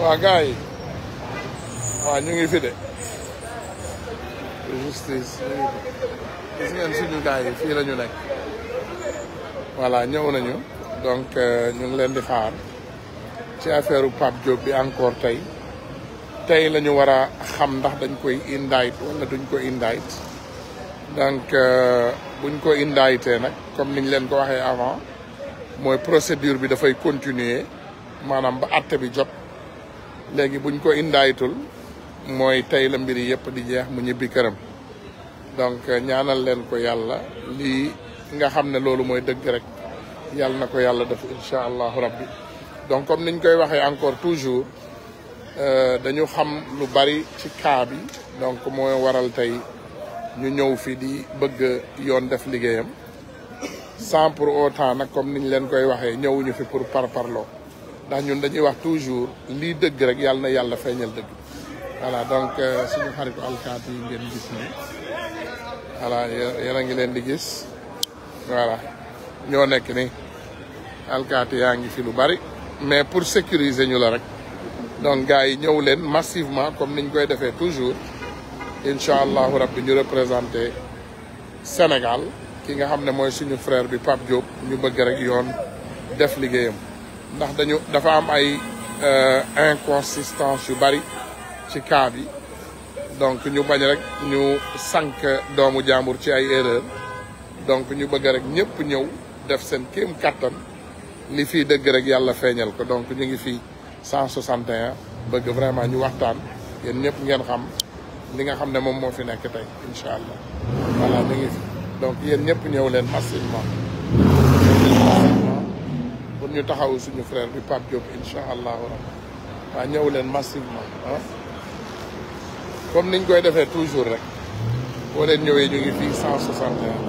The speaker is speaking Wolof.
waa gars yi waaw ñu ngi fi de justice gis ngeen suñu gars yi fii la ñu nekk voilà ñëw nañu donc euh, ñu ngi leen di xaar ci affaire u Pape Diop bi encore tey tey la ñu war a xam ndax dañ koy indict wala duñ ko indict donc euh, buñ ko indictee nag comme niñ leen ko waxee avant mooy procédure bi dafay continuer maanaam ba ate bi jot legi buñ ko indaayitul moy tay la mbiri yep di jeex mu ñibi kërëm donc euh, ñaanal leen ko yalla yalla nga xamne lolu moy deug rek yalla na ko def inshallah rabbi donc comme niñ koy waxe encore toujours euh, dañu xam lu bari ci cas bi donc moy waral tay ñu ñëw fi di bëgg yoon def liggéeyam sans pour autant nak comme niñ leen koy waxee ñu fi pour parlo ndax ñun dañuy wax toujours lii dëgg rek yàlla na yàlla feeñal dëgg voilà donc euh, suñu xaritu alkaat yi ngeen gis ni voilà yéen a ngi leen di gis ñoo nekk ni alkaat yaa ngi fi lu bari mais pour sécuriser ñu la rek donc gars yi ñëw leen massivement comme niñ koy defee toujours incha allahu rabbi ñu représenté Sénégal ki nga xam ne mooy suñu frère bi Pape Diop ñu bëgg rek yoon def liggéeyam ndax dañu dafa am ay euh, inconsistance yu bari ci cas bi donc ñu bañ rek ñu sànq doomu jàmbur ci ay erreur donc ñu bëgg rek ñëpp ñëw def seen kéem kattan li fi dëgg rek yàlla feeñal ko donc ñu ngi fi cent soixante 161 bëgg vraiment ñu waxtaan yéen ñëpp ngeen xam li nga xam ne moom moo fi nekk tey incha allah voilà ñu ngi fi donc yéen ñëpp ñëw leen facilement ñu taxaw suñu frère bi Pape Diop incha allahu rabbi waa ñëw leen massivement ah comme niñ koy defee toujours rek boo leen ñëwee ñu ngi fii cent soixante